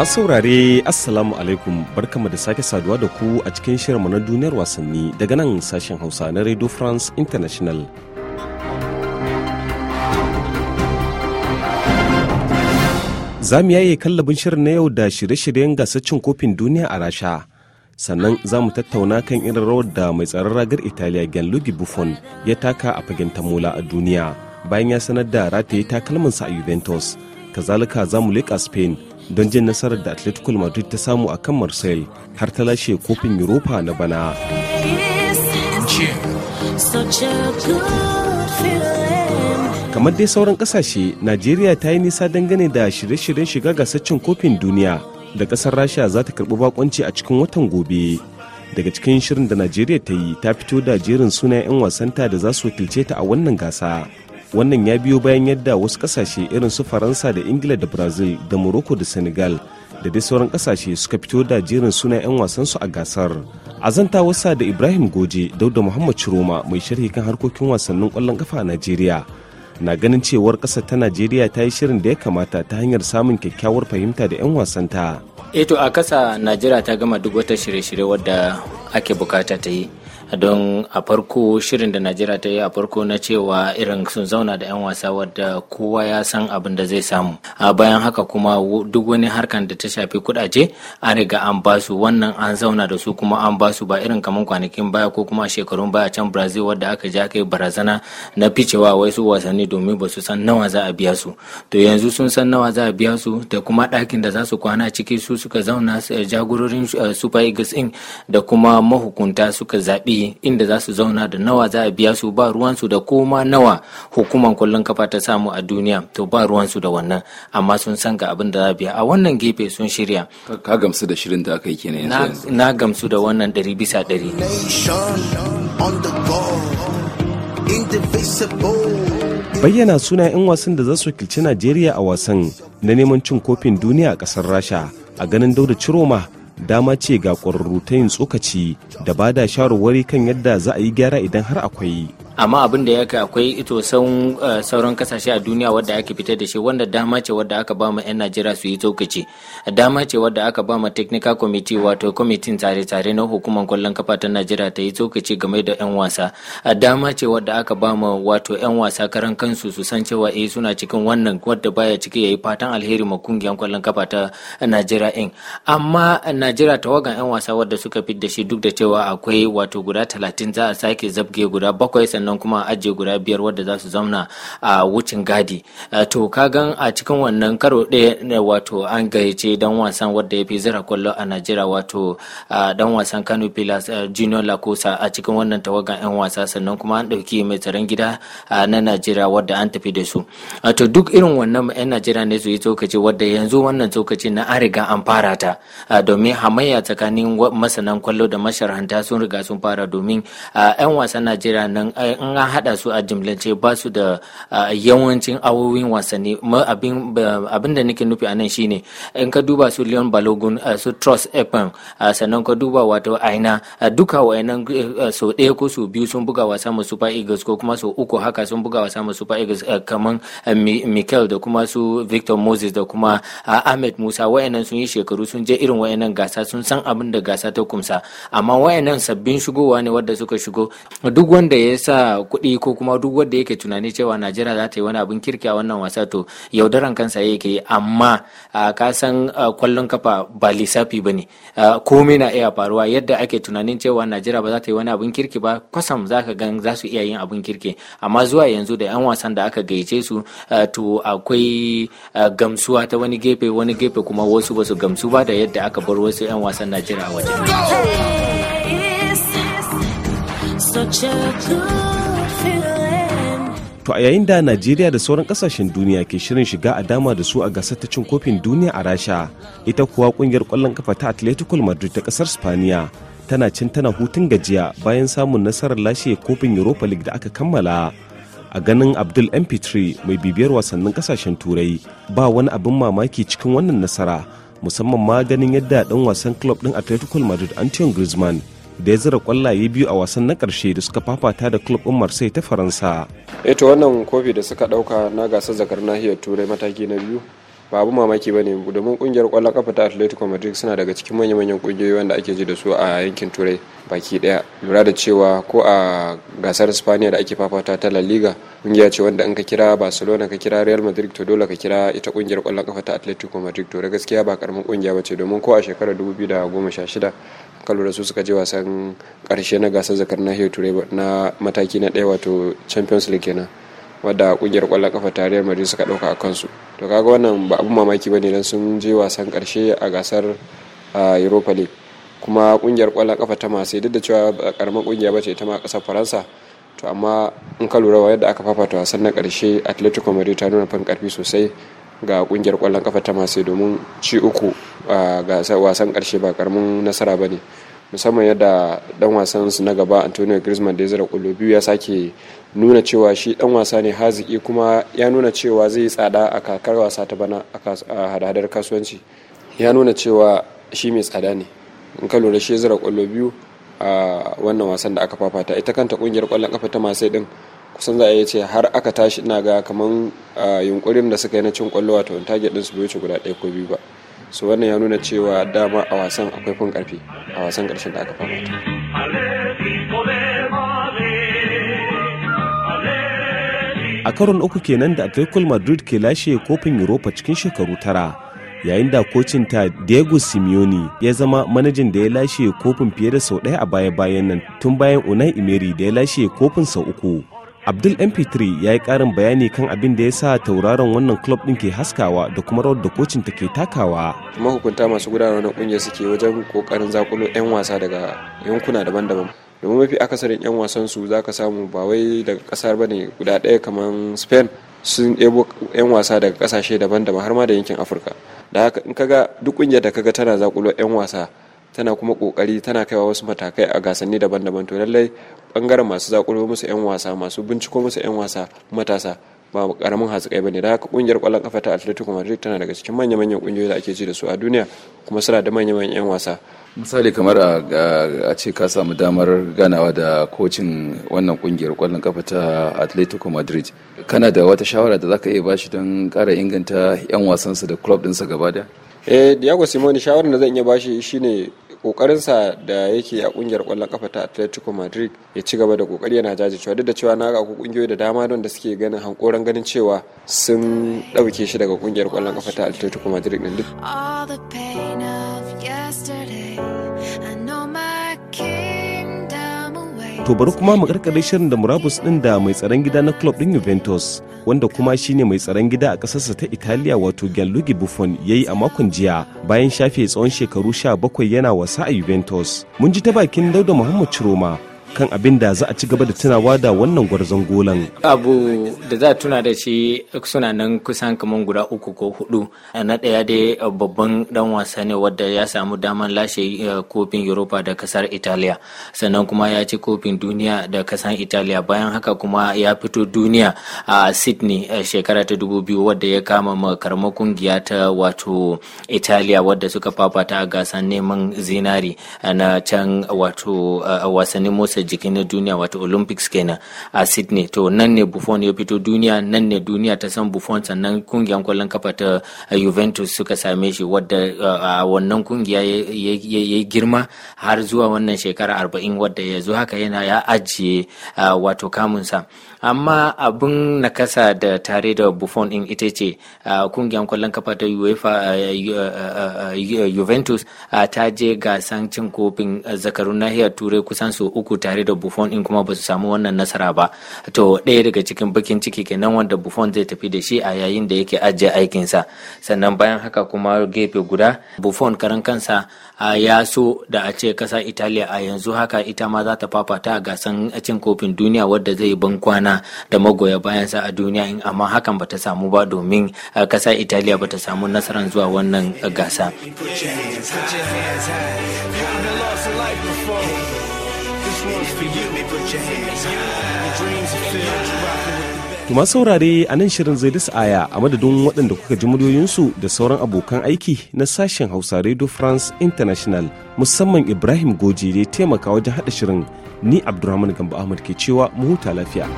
Masu saurare Assalamu alaikum barkama da sake saduwa da ku a cikin shirinmu na duniyar wasanni daga nan sashen Hausa na Radio France International. Za mu yaye kallabin shirin na yau da shirye-shiryen gasar cin kofin duniya a Rasha. Sannan za mu tattauna kan irin rawar da mai tsaron ragar Italiya Gianluigi Buffon ya taka a fagen tamola a duniya bayan ya sanar da rataye takalminsa a Juventus. Kazalika za mu leƙa Spain don jin nasarar da atletico madrid ta samu a kan marseille har ta lashe kofin europa na bana kamar dai sauran kasashe najeriya ta yi nisa dangane da shirye-shiryen shiga gasar kofin duniya da kasar rasha za ta karbi bakonci a cikin watan gobe daga cikin shirin da najeriya ta yi ta fito da jerin suna 'yan wasanta da za su wakilce ta a wannan gasa wannan ya biyo bayan yadda wasu kasashe irin su faransa da ingila da brazil da morocco da senegal da dai sauran kasashe suka fito da jerin suna 'yan wasan su a gasar azanta wasa da ibrahim goje dauda muhammad shiroma mai sharhi kan harkokin wasannin kwallon kafa a najeriya na ganin cewar kasa ta najeriya ta yi shirin da ya kamata ta hanyar samun kyakkyawar fahimta da 'yan wasanta eto eh a kasa najeriya ta gama duk wata shirye-shirye wadda ake bukata ta yi don a farko shirin da najeriya ta yi a farko na cewa irin sun zauna da 'yan wasa wadda kowa ya san abin da zai samu a bayan haka kuma duk wani harkan da ta shafi kudaje an riga an basu wannan an zauna da su kuma an basu ba irin kamar kwanakin baya ko kuma shekarun baya can brazil wadda aka ja kai barazana na ficewa wai su wasanni domin ba su san nawa za a biya su to yanzu sun san nawa za a biya su da kuma ɗakin da za su kwana ciki su suka zauna eh, jagororin eh, super eagles in da kuma mahukunta suka zaɓi yi inda za su zauna da nawa za a biya su ba ruwansu da koma nawa hukumar kwallon kafa ta samu a duniya to ba ruwansu da wannan amma sun san ga abin da za a biya a wannan gefe sun shirya ka gamsu da shirin da aka yi kenan yanzu na gamsu da wannan dari bisa dari. bayyana suna 'yan wasan da za su kilci najeriya a wasan na neman cin kofin duniya a kasar rasha a ganin dauda ciroma dama ce ga ƙwararru ta yin tsokaci da ba da shawarwari kan yadda za a yi gyara idan har akwai amma abin da yake akwai ito eh, sauran kasashe a duniya wadda aka fitar da shi wanda dama ce wadda aka ba ma 'yan najeriya su yi tsokaci dama ce wadda aka ba ma technical committee wato kwamitin tare-tare na hukumar kwallon kafa ta najeriya ta yi tsokaci game da 'yan wasa dama ce wadda aka ba ma wato 'yan wasa karan kansu su san cewa eh suna cikin wannan wadda baya ciki yayi fatan alheri ma kungiyar kwallon kafa ta najeriya in amma najeriya tawagan 'yan wasa wadda suka fitar da shi duk da cewa akwai wato guda talatin za a sake zabge guda bakwai sannan sannan kuma ajiye guda biyar wadda za su zauna a wucin gadi to ka gan a cikin wannan karo ɗaya wato an gayyace dan wasan wadda ya fi zira kwallo a najeriya wato dan wasan kano pilas eh, junior lakosa a cikin wannan tawagan 'yan wasa sannan kuma an ɗauki mai tsaron gida na najeriya wadda an tafi da su to duk irin wannan 'yan najeriya ne su yi tsokaci wadda yanzu wannan tsokaci na an riga an fara ta domin hamayya tsakanin masanan kwallo da masharanta sun riga sun fara domin 'yan wasan najeriya nan in an hada su a jimlance ba su da yawancin awowin wasanni abin da nake nufi a nan shine in ka duba su leon balogun su trust epon sannan ka duba wato aina duka wa'annan so ɗaya ko so biyu sun buga wasa ma super eagles ko kuma so uku haka sun buga wasa ma super eagles kamar michael da kuma su victor moses da kuma ahmed musa wa'annan sun yi shekaru sun je irin wa'annan gasa sun san abin da gasa ta kumsa amma wa'annan sabbin shigowa ne wadda suka shigo duk wanda ya sa kuɗi ko kuma duk wanda yake tunani cewa najeriya za ta yi wani abin kirki a wannan wasa to yaudaran kansa yake yi amma ka san kwallon kafa ba lissafi ba ne komai na iya faruwa yadda ake tunanin cewa najeriya ba za ta yi wani abin kirki ba kwasam za ka gan za su iya yin abin kirki amma zuwa yanzu da yan wasan da aka gayyace su to akwai gamsuwa ta wani gefe wani gefe kuma wasu ba su gamsu ba da yadda aka bar wasu yan wasan najeriya a waje. To a yayin da Najeriya da sauran kasashen duniya ke shirin shiga a dama da su a gasar ta cin kofin duniya a Rasha, ita kuwa kungiyar kwallon kafa ta Atletico Madrid ta kasar Spaniya tana cin tana hutun gajiya bayan samun nasarar lashe kofin Europa League da aka kammala. A ganin Abdul MP3 mai bibiyar wasannin kasashen Turai ba wani abin mamaki cikin wannan nasara musamman ma ganin yadda dan wasan club din Atletico Madrid Antoine Griezmann da ya zira kwallaye biyu a wasan na karshe da suka fafata da club din marseille ta faransa eto eh wannan kofi da suka dauka na gasar zakar nahiyar turai mataki na biyu ba abu mamaki ba ne domin kungiyar kwallon kafa ta atletico madrid suna daga cikin manya-manyan kungiyoyi wanda ake ji da su a yankin turai baki daya lura da cewa ko a gasar spaniya da ake fafata ta la liga kungiya ce wanda in ka kira barcelona ka kira real madrid to dole ka kira ita kungiyar kwallon kafa ta atletico madrid to gaskiya ba karamin kungiya ba ce domin ko a shekarar 2016 ka lura su suka je wasan karshe na gasar zakar nahiyar turai na mataki na daya wato champions league kenan wadda kungiyar kwallon kafa tarayyar madrid suka dauka a kansu to kaga wannan ba abun mamaki bane dan sun je wasan karshe a gasar europa league kuma kungiyar kwallon kafa ta masu duk da cewa karamin kungiya bace ita ma kasar faransa to amma in ka lura yadda aka fafata wasan na karshe atletico madrid ta nuna fan karfi sosai ga kungiyar kwallon kafa ta masu domin ci uku wasan karshe ba karamin nasara ba ne musamman yadda dan wasan su na gaba antonio griezmann da ya zira kullo biyu ya sake nuna cewa shi dan wasa ne haziki kuma ya nuna cewa zai tsada a kakar wasa ta bana a hadadar kasuwanci ya nuna cewa shi mai tsada ne in ka lura shi zira kwallo biyu a wannan wasan da aka fafata ita kanta kungiyar kwallon kafa ta masai din kusan za a iya ce har aka tashi ina ga kaman yunkurin da suka yi na cin kwallo wato intage din su bai wuce guda ɗaya ko biyu ba su wannan ya nuna cewa dama a wasan akwai fin karfi a wasan karshen da aka ta. a karon uku kenan da atletico madrid ke lashe kofin europa cikin shekaru tara yayin da kocin ta diego simeone ya zama manajin da ya lashe kofin fiye da sau ɗaya a baya-bayan nan tun bayan unai emery da ya lashe kofin sau uku abdul mp3 ya yi karin bayani kan abin da ya sa tauraron wannan club din ke haskawa da kuma rawar da kocin ta ke takawa mahukunta masu gudanar wannan kungiyar suke wajen kokarin zakulo 'yan wasa daga yankuna daban-daban domin mafi akasarin 'yan wasan su za samu ba wai daga kasar bane guda ɗaya kamar spain sun ɗebo 'yan wasa daga kasashe daban-daban har ma da yankin afirka da haka in ga duk kungiyar da kaga tana zakulo 'yan wasa tana kuma kokari tana kaiwa wasu matakai a gasanni daban-daban to lallai bangaren masu zakuro musu 'yan wasa masu binciko musu 'yan wasa matasa ba karamin hatsikai bane da haka kungiyar kwallon kafa ta Atletico Madrid tana daga cikin manya-manyan kungiyoyi da ake ji da su a duniya kuma suna da manya-manyan 'yan wasa misali kamar a ce ka samu damar ganawa da kocin wannan kungiyar kwallon kafa ta Atletico Madrid kana da wata shawara da zaka iya bashi don kara inganta 'yan wasansa da club sa gaba daya eh Diego Simone shawarar da zan iya bashi shine kokarinsa da yake a kungiyar kwallon kafa ta Atletico Madrid ya ci gaba da kokari yana jajircewa duk da cewa na ga kungiyoyi da dama don da suke ganin hankoran ganin cewa sun dauke shi daga kungiyar kwallon kafa ta Atletico Madrid din duk to bari kuma mu karkare shirin da murabus din da mai tsaron gida na club din Juventus wanda kuma shine mai tsaron gida a kasarsa ta Italiya wato Gianluigi Buffon yayi a makon jiya bayan shafe tsawon shekaru 17 yana wasa a Juventus mun ji ta bakin Dauda Muhammad Chiroma kan abin da za a ci gaba da tunawa da wannan gwarzon golan. Abu da za a tuna da shi suna nan kusan kamar guda uku ko hudu. Na ɗaya dai eh, babban dan wasa ne wadda ya samu daman lashe eh, kofin Europa da kasar Italiya. Sannan kuma ya ci kofin duniya da kasar Italiya. Bayan haka kuma ya fito duniya a Sydney eh, shekara ta dubu biyu wadda ya kama makarma kungiya ta wato Italiya wadda suka fafata a gasar neman zinari na can wato wasannin motsa gasar jiki na duniya wato olympics kenan a sydney to nan ne buffon ya fito duniya nan ne duniya ta san buffon sannan kungiyar kwallon kafa ta eh, juventus suka same shi wadda eh, a wannan kungiya ya girma har zuwa wannan shekara arba'in wadda ya zo haka yana ya ajiye eh, wato kamunsa amma abin nakasa da tare da buffon din ita ce kungiyar kwallon kafa ta uefa juventus ta je gasan cin kofin zakarun nahiyar turai kusan su uku ta tare da Buffon in kuma ba su samu wannan nasara ba to ɗaya daga cikin bakin ciki kenan wanda Buffon zai tafi da shi a yayin da yake ajiye aikinsa sannan bayan haka kuma gefe guda Buffon karan kansa ya so da a ce kasa Italiya a yanzu haka ita ma za ta fafata a gasan cin kofin duniya wadda zai ban kwana da magoya bayansa a duniya in amma hakan ba ta samu ba domin kasa Italiya ba ta samu nasarar zuwa wannan gasa. kuma saurare a nan shirin zai aya a madadin waɗanda kuka ji muryoyinsu da sauran abokan aiki na sashen Hausa Radio France International musamman Ibrahim Goji da taimaka wajen haɗa shirin ni Abdulrahman Gamba Ahmad ke cewa mu huta lafiya.